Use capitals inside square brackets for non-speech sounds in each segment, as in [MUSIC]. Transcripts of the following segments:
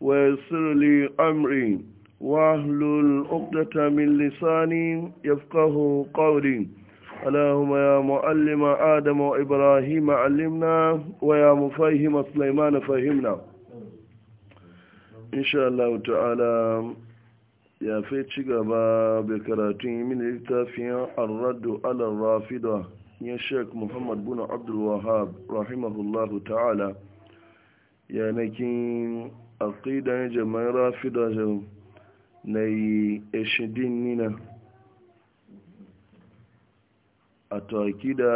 ويسر لي أمري واهلل عقدة من لساني يفقه قولي اللهم يا معلم آدم وإبراهيم علمنا ويا مفهم سليمان فهمنا إن شاء الله تعالى يا فيتشي غبا بكراتين من الكتافية الرد على الرافضة يا شيخ محمد بن عبد الوهاب رحمه الله تعالى يا نكين aqidan e jama'in e rafida jau na yi eshidin nina a toki da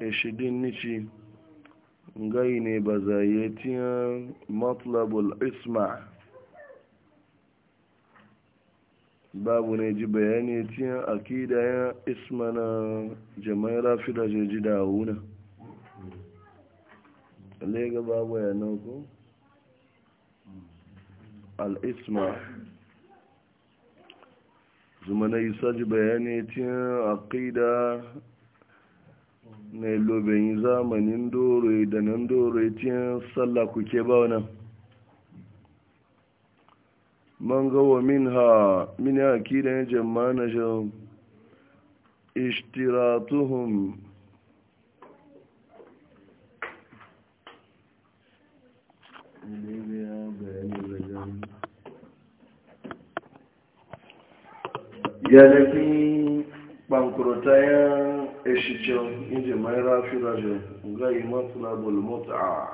eshidin nici gai ne ba zayyatiyan matlabul isma babu ne ji bayani tiyan akida ya isma na jama'in e rafida ji da wuna lega babu ya al'isma zuma na isa bayanai bayani a aqida na lobeyin zamanin doro da nan dore tin sallah kuke ba wannan man gawa min ha min ya jama'a na ishtiratuhum galafi bankurota ya eshicin inji mai rafi rajin gai matsalabul mut'a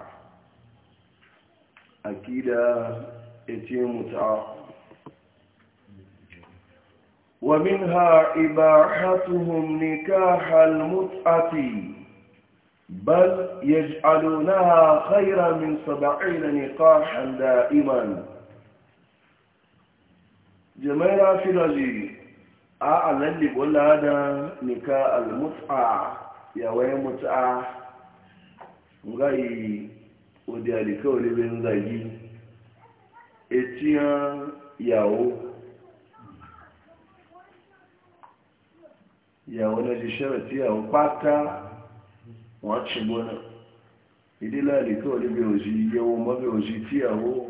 akida eti mut'a ومنها إباحتهم نكاح المتعة بل يجعلونها خيرا من سبعين نقاحا دائما جميل في رجيب a alalli wala da nika almut'a ya waye mut'a ngai odi alika ole ben zagi etiyan yawo yawo na ji sharati yawo pata wọn ti gbọna ìdílé alika ole ben oji yawo mọbi oji ti yawo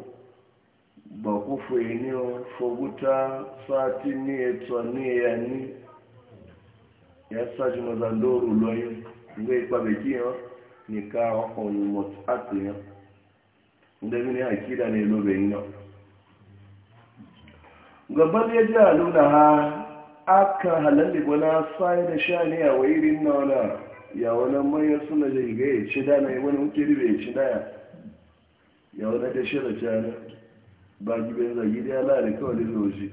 ba ku fuyini foguta sati ni etwa ni ya ni ya saji mazandoru loyi nga ikpabe kiyo ni ka wako ni mot atu ya nda mini akida ni lobe ino gabar ya ji ha aka halalli gwana sai da sha ne wairin na wana ya wani mayar suna jirgin ya ci dana mai wani wuce ribe ya ci daya ya wani da shi da jana bagi bai zagi da ya lari kawai da loji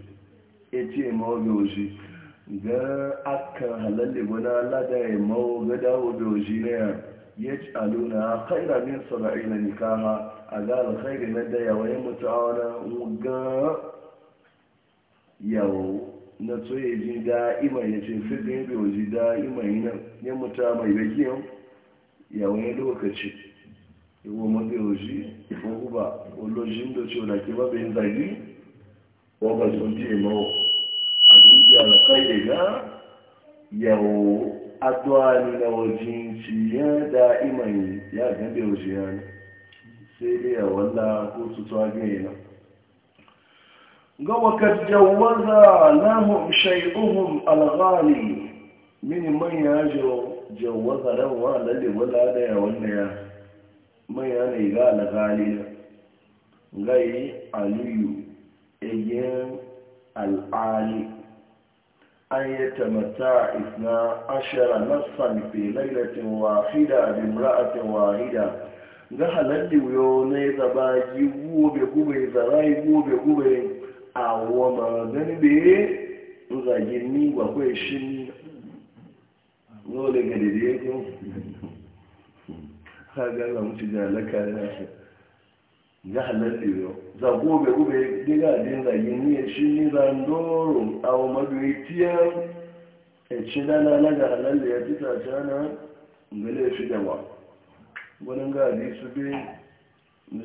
ya ce mawa loji ga akan halalle wani alada ya mawa ga dawo loji na ya ya ci aluna kaira min sara'i na nikaha a ga alkhairi na da yawa ya mutu a wani ga yawo na tsoye ji da da'ima ya ce fi zai bai waje da yi nan ya mutu mai bakiyan yawon lokaci yawon mafi waje lojin da ce laki ba bai zagi ko ba sun je mawa a dukiya da kai da ga yawo addu'a ni na wajen ci ya da'iman ya gambe wajen ya ne sai dai a walla ko su tuwa gani na ga wakar jawaza lahum shay'uhum alghali min man yajo jawaza lahu wa lalle wala da ya wanda ya man ne ga alghali gai aliyu eyin al'ali an yi tamata isna ashara nassan fi lailatin wahida bi imra'atin wahida ga halarci wuyo ne zaba yi gobe gube zarai yi gobe gube a wa magani be zagin ni ba kwai shi dole ga dede ko [LAUGHS] ha ga lamu tijalaka na shi ga halalle za gobe gobe diga din da yin ne shi ni randoro aw madoitiya e ci dana na ga halalle ya tita jana ngale shi da wa wannan ga hadisi be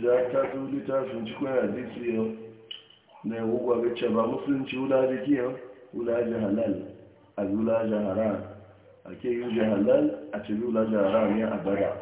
za ta su lita sun ci kuma hadisi yo na wuwa ga ce ba musulunci wula da kiyo wula da halal a wula da haram ke yi da halal a ci wula da haram ya abada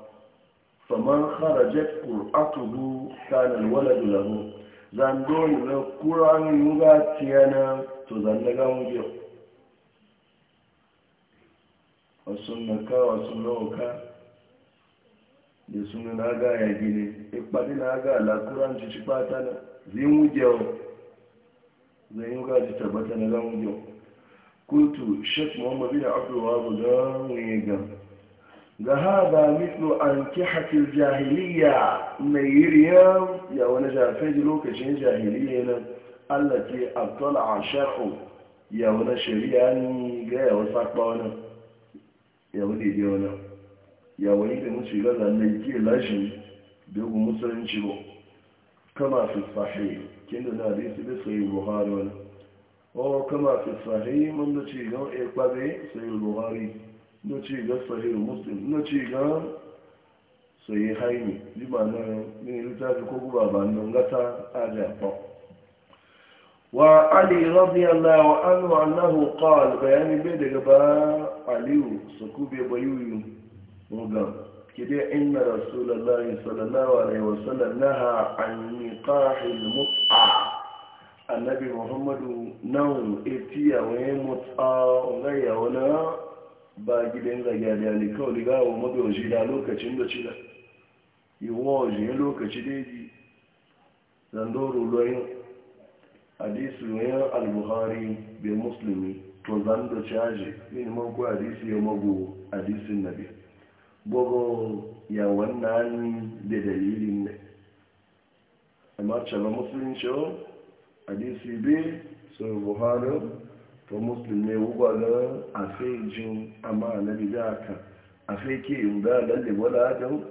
faman harajat ƙur'atuhu kanan waladu lahu zando yi na ƙuran yuga tiyana to zanna ga mujiya wasu naka wasu nauka da suna na ga ya gini ikpadi na ga lakuran ci ci bata na zai mujiya zai yuga ci tabbata na ga mujiya kultu shek muhammadu da abdullawa ga wani gan ga haɗa mitlo an ki haƙin jahiliya mai yiriyar ya wani jafeji lokacin jahiliya nan allah ke abtola a shar'u ya wani shari'a ne ga yawon sakpa wani ya wani da wani ya wani da musu gaza nan ke lashi dogo musulunci ba kama fi sahi kin da na risi da sayi buhari wani o kama fi sahi mun da ce yau ekwabe sayi buhari noci ga sahihu muslim noci ga sayi haini jima na ne littafi ko guba ba nan gata a jafa wa ali radiyallahu anhu annahu qala bayani bai daga ba aliyu sakube bayuyu mugan kide inna rasulullahi sallallahu alaihi wasallam naha an niqahil mut'a annabi muhammadu nan etiya wa mut'a ngaya wala ba gidan zagariya ne kawai da wa mabiyoji da lokacin da Yi wa shi yin lokaci daji zandoro loyin hadisu ya al-buhari bai musulmi to zando caji minimum ko hadisi ya mago hadisin nabi gbogbo ya wannan da dalilin ne amma cewa musulunci hadisi bi, sai buhari to musulmi wuba na a sai jin amma na biga kan a sai ke yi da lalle wala don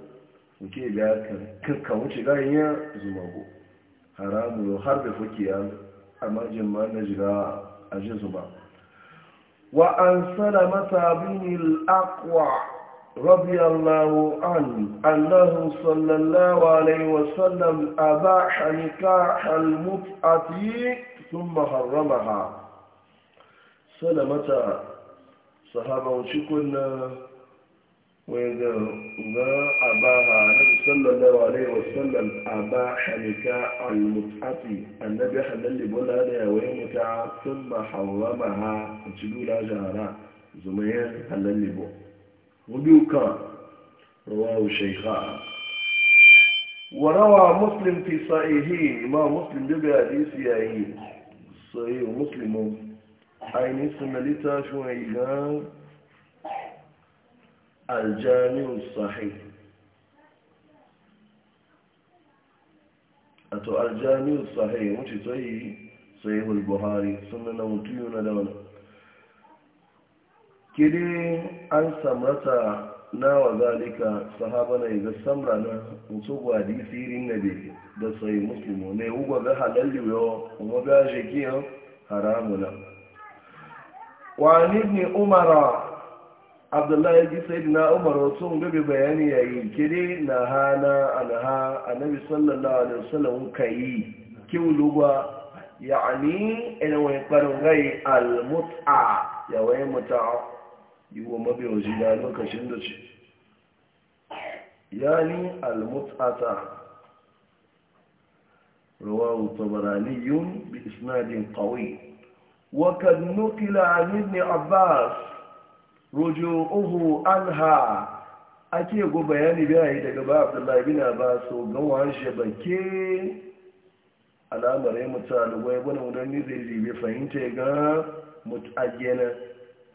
muke ga kan kankan wuce gayin ya zuma go haramu har da fuke A majin ma na jira a ji zuma wa an salama tabin al-aqwa رضي الله عنه أنه صلى الله عليه وسلم أباح نكاح المتعة sun حرمها sada mata sahaba cikin na wanda ga abaha na sallallahu alaihi wasallam abaha nika al-mut'ati annabi halalli bola da yawaye muta thumma haramaha a cikin jara zumayar halalli bo rubuka rawahu shaykha وروى مسلم في صحيحه ما مسلم بحديث يعين sai مسلم عين اسم لتا شهيدا الجامع الصحيح أتو الجامع الصحيح مش تي صحيح البخاري سنة نوتيون دون كده أن سمرتا ناو ذلك صحابنا إذا سمرنا نسوق حديثي للنبي ده صحيح مسلم نهوغا غا حلالي ويو وغا جيكيا حرامنا wani ne umara abdullahi ji sai na umara sun gabi bayani yayi kiri na hana alha annabi sallallahu alaihi wasallam kai kiwuluwa yani ina wani farin gai ya wani muta'a yi mabiyar zina lokacin da ce yani almut'ata ruwa mutabarani yun bi isnadin kawai وقد نقل عن ابن عباس رجوعه عنها ake go bayani bayani daga ba abdullahi bin abbas gan wani shabake al'amarai mutane wai wani wani zai zibe fahimta ga mutagena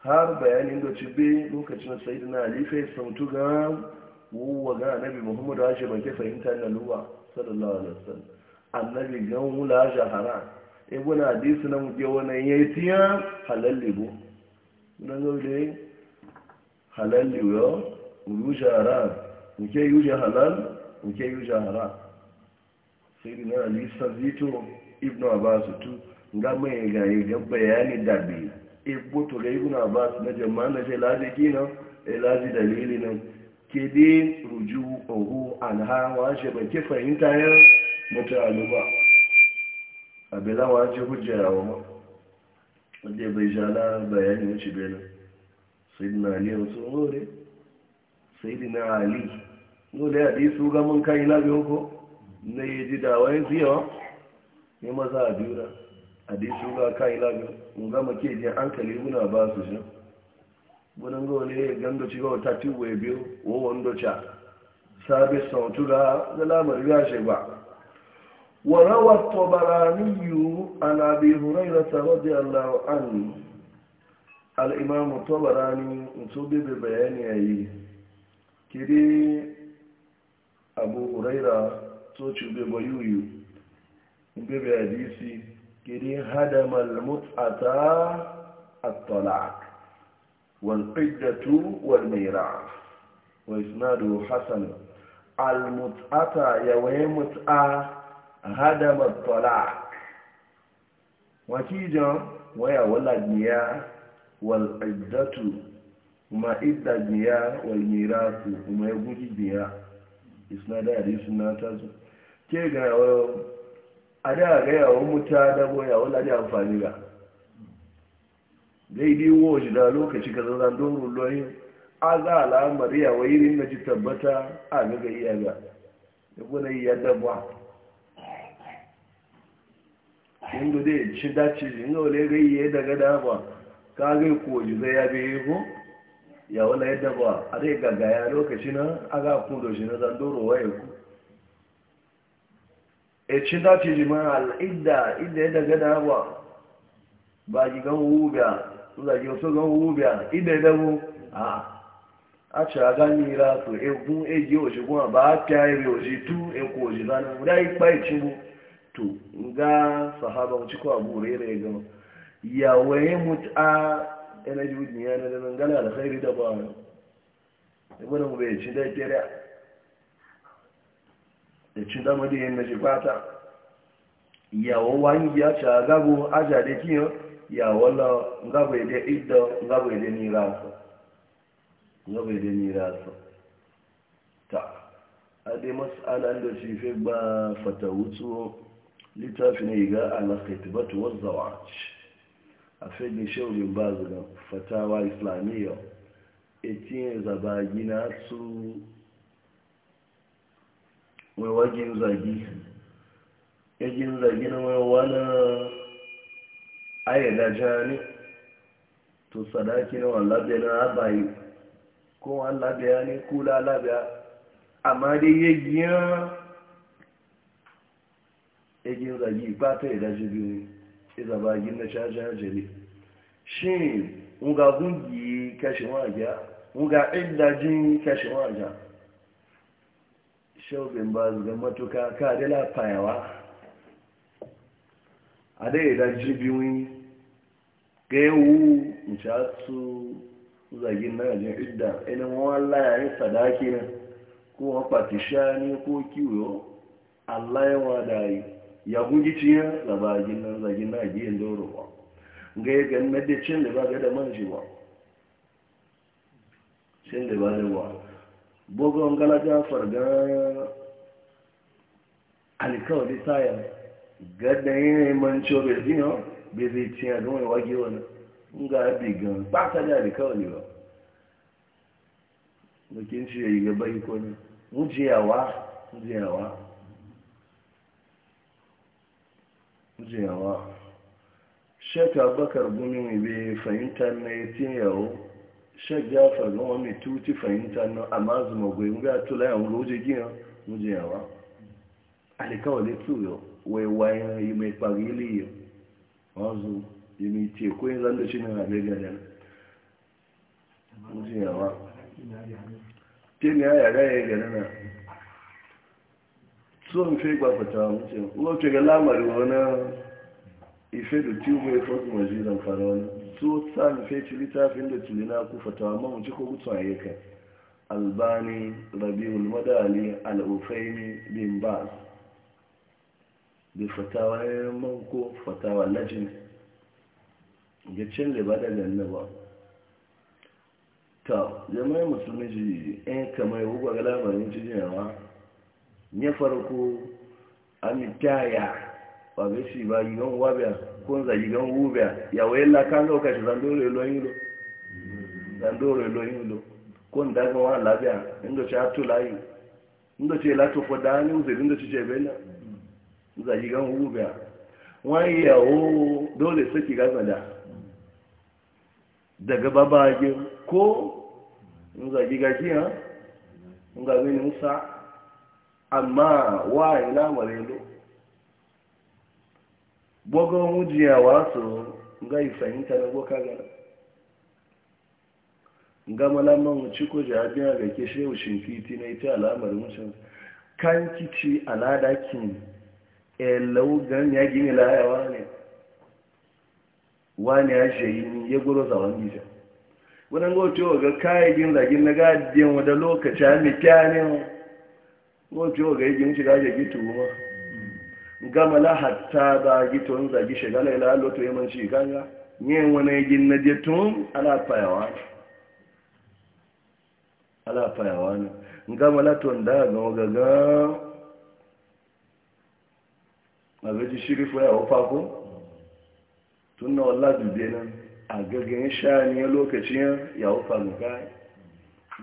har bayanin da ci be lokacin sayidu na alifai sautu ga wuwa ga annabi muhammadu a shabake fahimta na luwa sallallahu alaihi wasallam annabi gan wula shahara ibn hadisi na muke wani ya yi tiya halalli bu na zaune halalli yo yuja haram muke yuja halal muke yuja haram sai bi na alisa zito ibnu abasu tu nga mai ga yi ga bayani da bi ibo to ga ibn abbas na jama'a na sai laji kina eh, dalili nan ke dai ruju ohu anha wa shi ba ke fahimta ya mutane ba abela ji hujja yawo wadda bai jala bayani wuce benin sai dina ali wasu ore sai dina ali nole a disu kan ila biyu ko na yi ji da wayan siyawa ne maza a biyu na a disu ga kan ila biyu mun gama ke jin an kali muna ba su shi bunan ga wani gandoci ci ga wata tiwo biyu wo wando ca sabi sautu ga ya shi ba وروى الطبراني عن أبي هريرة رضي الله عنه الإمام الطبراني انتبه ببيان أيه كده أبو هريرة توشي ببيويو ببي حديثي كده هدم المتعة الطلاق والعدة والميراث وإسناده حسن المتعة يوم متعة hadama talaq wakijan waya wala niya wal iddatu ma idda niya wal mirasu ma yaguji niya isnada hadisi suna tazo ke ga ada ga yawo muta da boya wala da amfani ga dai dai woji da lokaci ka zan A za a al'amari ya irin na ji tabbata a ga iya ga yabo yi yadda ba hindu dai ci dace shi ga wale gai ya daga daba ka gai zai ya bi ya wala yadda a dai gaggaya lokaci na aga kudo shi na zandoro waye ku e dace ma al'idda idda ya daga daba ba ji gan wubiya za ki wasu gan wubiya ya a a ci a gani ra to eji e ojigun ba a fiye tu e zanen to ga sahaba wuce ko abu rere ga ya waye mut'a energy with ya na nan gala da khairi da ba ibn mu be ci da tere da ci da madi yin naji fata ya wani ya ci gago aja da kiyo ya wala ngabo da idda ngabo da ni rafa ngabo da ni rafa ta ade mas'ala da shi fe ba fatawutu littafin ga alaƙaitibatu wadda wa'aci a fegin shaurin bazugan fatawa islamiyya etinye zabagi na su waiwagin zagi egin zagi na waiwana ayyana jani to sadaki na wallabe na abayi ko wallabe ya ne kula labiya amma dai yagiyan egin zagi ba ta yi daji biyu iza ba gina caji hajjali shi nga gungi kashe wajen nga idajin kashe wajen shaubin ba zuga matuka ka da lafayawa a da yi daji biyu ga yawu nci su zagin na yajin idda ina wala yi sadaki na ko a patishani ko kiwo Allah yawa da yi ya guji ciye da bagin nan zagin na giyan dorowa ga ya ga na da cin da ba ga da man manjewa cin da ba da wa bugon gala jafar ga alkawali saya ga da yin manco bai zino bai zai ciye ga wani wage wani ga bigan ba ta da alkawali ba bakin ci ya yi gaba mu mujiyawa mujiyawa jiyawa shek abubakar gumi bai fahimta na ya tiyawo shek jafar gan wani tuti na amma zuma gwai tula yawon roje gina mujiyawa alikawale tuyo wai wayan yi kpagili yi wazu yi mai teku zanda shi na abe ganin mujiyawa ya ya gana na so n fe gbafata wuce wuce ga lamari wani ife da tubu ya fosu maji zan fara wani so sa fe ci littafin da tuli na ku fata amma wuce ko gutsu a yaka albani rabiul madali al'ufaini bin baz da fatawa ya fatawa lajin ya cin da ta jama'a musulmi ji yan eh, kamar ga lamarin ne farko amitaya wa ga shi ba yi gan uwa biya ko za yi gan uwa ya waye la kan ga ka shi zan dole lo yin lo zan dole lo yin lo ko nda ga wa la biya inda cha to la yi inda ce la to ko da ni uze inda ce bela za yi gan uwa biya wani ya o dole saki ga zada daga babaje ko nza za yi gajiya in ga gani musa amma wa ila marelo bogon wujiyawa su gai fahimta na boka gana gama lamar ciko, ko jami'a ga ke shehu shinkiti na ita alamar wucin kan kici aladakin elaugan ya gini layawa ne wani ya shayi ni ya guro tsawon gija wadanda ga kayayyagin zagin na gadiyan wadda lokaci a ne kyanin wajen oga igin shiga ga gitu ma gama la hatta ba gitu n zagi shiga na ila lotu ya man shiga ga yin wani igin na jetun ala fayawa ala fayawa ne gama la tun da ga ogaga a ya shiri faya wafa ko tun na wala dubbe nan a gaggan ya lokacin ya wafa ga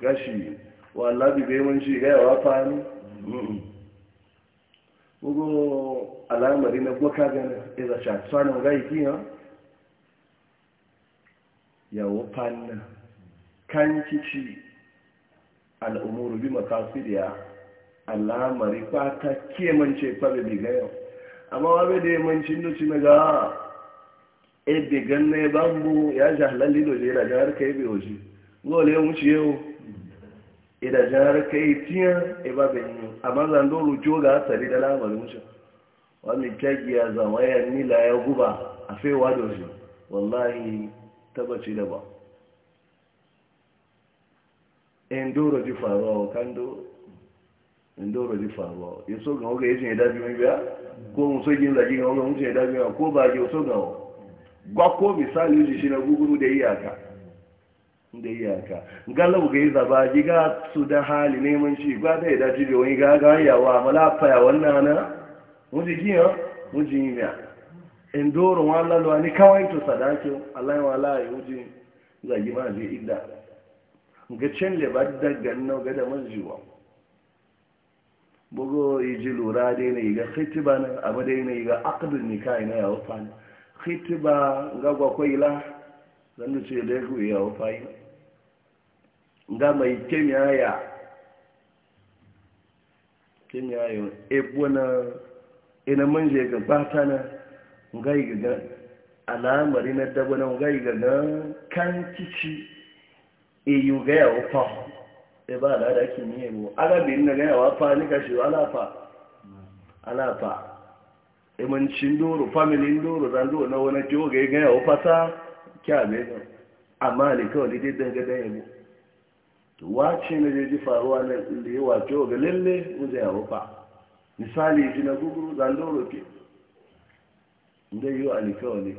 gashi wala dubbe man shiga ya wafa ne gugu alamari na gwaka gana eh, iza shatsanin gaiki ha yawo panna kan cici al'umuru bi makasiriya alamari kwata kemance kwabe biga yau amma wabe da yamancin nuci na ga ebe eh, ganna ya bambu ya jahalalli doje yana jihar ka yi bewaji gole ya wuce yau idan jihar ka yi tiyan iba e benin amma zandoro joga asali da lamarin wucin wani kyagi ya zama ya nila ya guba a fewa da shi wallahi tabbaci da ba indoro ji faruwa kando indoro ji faruwa ya so ga oga yajin ya e dabi mai biya ko muso yin zagi ga oga mutum ya e dabi mai ko ba ya so ga o gwakko misali shi na guguru da iyaka da iyaka galau ga yi zaba giga su da hali neman ci ba da yada ci da wani gaga yawa malafaya wannan na wuji giya wuji yi miya in doron wala luwa ni kawai to sadaki allah yawa layi wuji zagi ma zai idda ga can le ba da gannan ga da manjiwa bugo yi ji lura dai na yi ga khitiba na abu dai na yi ga akadun nikahi na yawa fani khitiba ga gwakwai la zan ce da ya kuwa yawa fahimta nga mai kemiyaya ya, ebwana e ina e manje ga bata na nga ga alamari na dabo na nga ga gaga kan kici eyu ga yawo fa e ba ala da kimi Aga arabin na ga yawa fa ni kashi ala fa ala fa e man cin doro family doro zan doro na wani tiwo ga yawo fa ta kya be amma ne kawai dai dan da dan wace na jeji faruwa na inda ya wace ga lalle wuce ya rufa misali ji na guguru zandon roke inda yi wa alikawali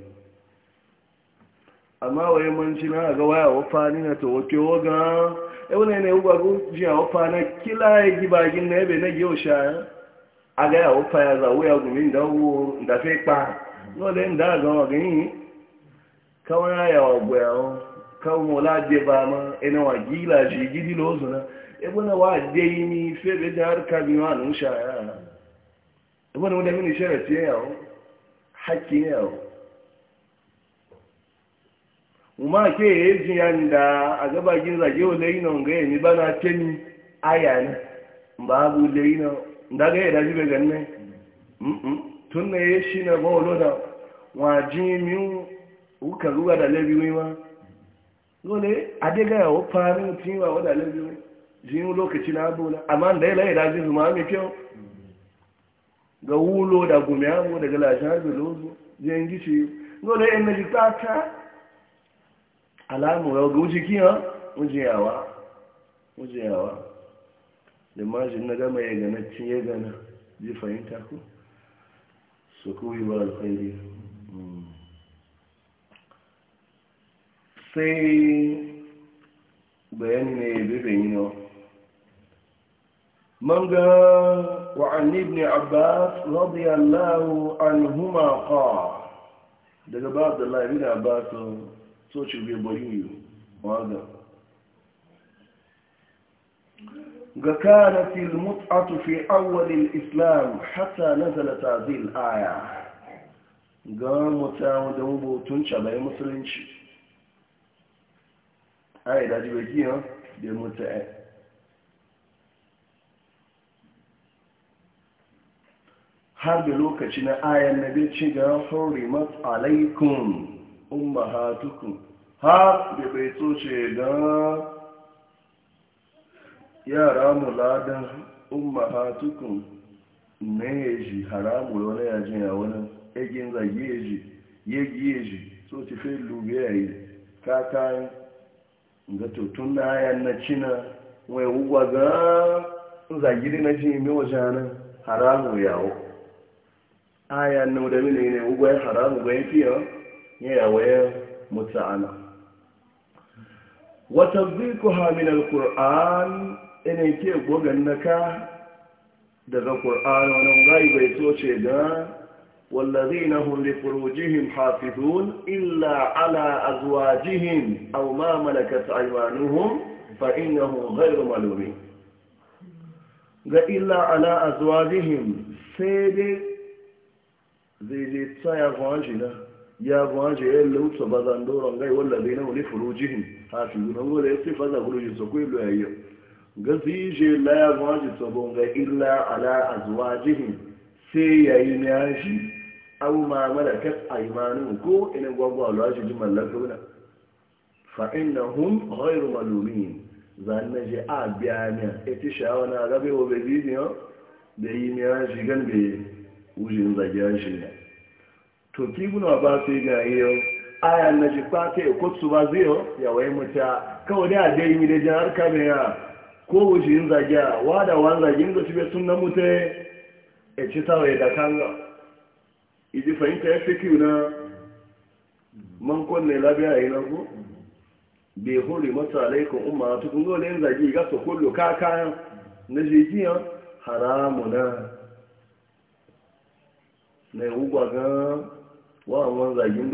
amma waye manci na ga waya wafa ni na to wake waga yau e ne na yi ji a wafa na kila ya gibagin na yabe na yau sha a ga ya wafa ya zawo ya gumi da wo da fe kpa lọle nda ga wa kawai ya wa kan mola de ba ma ina wa gila shi gidi lozu na ebuna wa de yi ni febe da harka mi wa nun sha ya ebuna wanda mini sharati ya ha hakki ya yawo uma ke yeji yanda a gaba gin zage wa leina nga ya ni bana temi aya ne ba e bu leina ndaga ya e daji be ganne tun ne shi na ba wolo da wajin mi uka ruwa da lebi wiwa dole adegaya wa farin cinwa wadannan biyu jini lokaci na abuwa amma da ya laye da jin zuma mai kyau ga wulo da gumiyamu daga lashin harbi lozu jiyan gishi dole yan naji ta alamu ya ga wuce kiyan wujiyawa wujiyawa da majin na gama ya gana cin ya gana ji fahimta ku su kuwi wa alfahari sai bayani ne bebe yi ne manga wa'an ibn abbas radiyallahu anhuma qa daga ba da bin abbas so ci bai bayu waga ga kana fil mut'atu fi awwal al-islam hatta nazalat hadhihi al-aya ga mutawu da mutun chabai musulunci ai da jibe kiyo da mutu ai har da lokaci na ayan na bai ci ga hurimat alaikum ummahatukum har da bai tsoce ga yara muladan ummahatukum ne yaji haramu wani yajin ya wani egin zage yeji yegi yaji so ti fe lube yayi kakan ga tutun na ayan na cina wai wugwa ga zagiri na ji mi wajana haramu yawo ayan na da mini ne wugwa ya haramu ga yafi ya ya yawo ya muta'ana wa tadhiquha min alquran ina ke gogan naka daga qur'an wannan gai bai so ce ga والذين هم لفروجهم حافظون إلا على أزواجهم أو ما ملكت أيمانهم فإنهم غير ملومين إلا على أزواجهم سيد زيجي تسايا فواجنا يا فواجه إيه اللي وصبا زندورا غير والذين هم لفروجهم حافظون هم ولا يصفى ذا خروج سكويل لا غزيجي لا فواجه صبون إلا على أزواجهم sai ya yi na shi an mamala kan aimanin ko ina gwagwa lwa shi ji mallaka wuna fa'in na hun hoiru malumin zan na je a biya ne ita sha'awa na rabe wa bebi ne da yi na shi gan be wujin zagiyar shi ne to ki guna ba sai ga yau aya na ji fata ya kotsu ba zai ya wai muta kawai da a dai mi da jihar kamera ko wujin zagiya wada wani zagin da shi bai sun na mutai e ci tawaye da kanga iji fahimta ya fi na man kwanne labiya yi na ku bai hori mata alaikun umma ta yin zagi ga su ka kayan na na zagin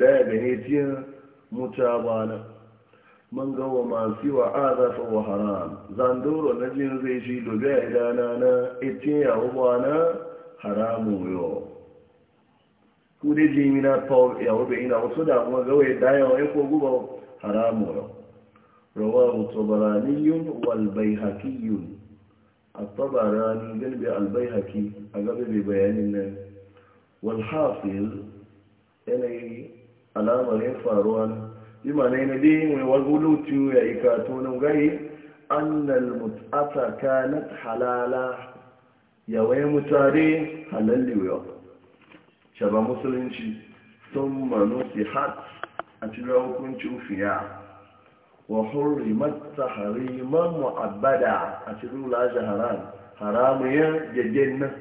daya mutu man gawa masu wa aza wa haram zandoro na jin zai shi dobe a idana na itin yawo na haramu paul yawo ina wasu da kuma gawa da yawo ya ko guba haramu yo rawahu tabaraniyun wal baihaqiyun at-tabarani galbi albai baihaqi a gabe bai bayanin nan wal hafiz yana alamar bi na dai mai wagulu tiyo ya yi kato nan gari annal ka na halala ya waye mutare halalli shaba musulunci sun manu si hat a cikin hukuncin fiya wa hurri ta hariman mu'abbada a cikin lashe haram haramun yadda nan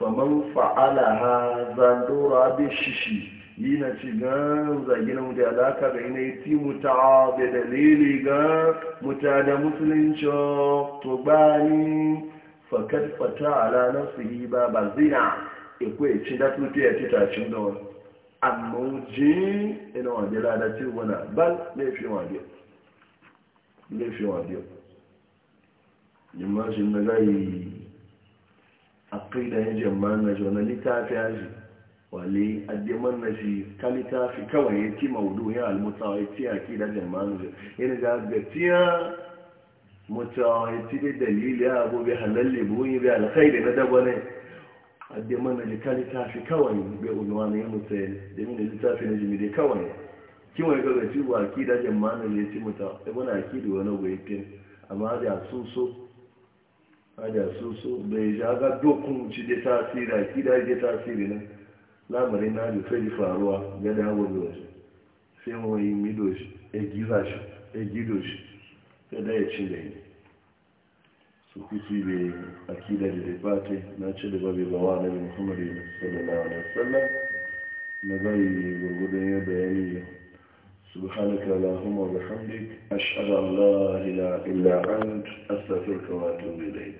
faman fa'ala ha zandora bi shishi yi na ci gan zagina da alaka da ina yi ti muta da dalili ga muta da musulunci to bani fakad fata ala nafsihi ba ba zina e ci da tutu ya ci tashin da wani amma ji ina wajen ladaci wani bal laifin wajen laifin wajen yin mashin na gari a kai da yin na wali addiman na shi kalita fi kawai ya ci maudu ya almutawa ya ci yaki da jama'an shi yana ga gaciya mutawa ya ci da dalili ya abu bai halalle buyi bai alkhairi na daba ne addiman na shi kalita fi kawai bai unuwa na yin mutane da mini littafi na jimi dai kawai kiwon ya gaga ci wa ki da jama'an shi ya ci mutawa ya bana aki da wani gwai fin amma da su so a da su so bai ja ga dokun ci da tasiri aki da ya tasiri ne. lamarin na da fai faruwa ga dawon doshi sai wani wọ́n ya giza shi ya gido shi ya da ya ci da yi su kusi da akidar da fata na ci da babu bawa na bi muhammadu sallallahu alaihi wasallam na zai gurgudun ya bayani yau سبحانك اللهم وبحمدك أشهد أن لا إله إلا أنت أستغفرك وأتوب إليك